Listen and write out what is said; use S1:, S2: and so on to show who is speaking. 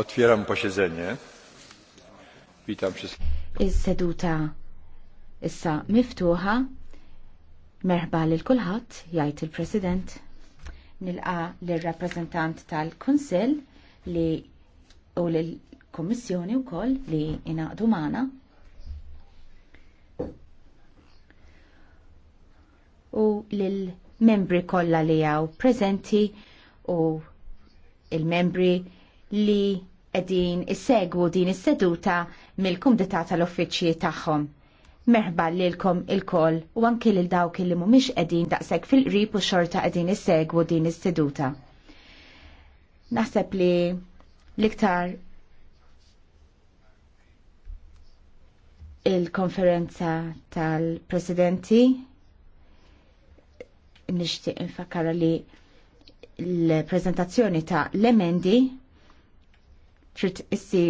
S1: Otwieram posiedzenie. Witam wszystkich. Is-seduta issa miftuħa. Merħba lil kulħadd, jgħid il-President. Nilqa lir-rappreżentant tal-Kunsill li u lill-Kummissjoni wkoll li inaqdu magħna. U lill-membri kollha li hawn preżenti u il-membri li edin segwu din is-seduta mill-kumdita tal-uffiċċji tagħhom. Merħba lilkom il-koll u anki lil dawk li mhumiex qegħdin daqshekk fil-qrib u xorta qegħdin issegwu din is-seduta. Naħseb li l-iktar il-konferenza tal-presidenti nixtieq infakkara li l-prezentazzjoni ta' l-emendi trid issir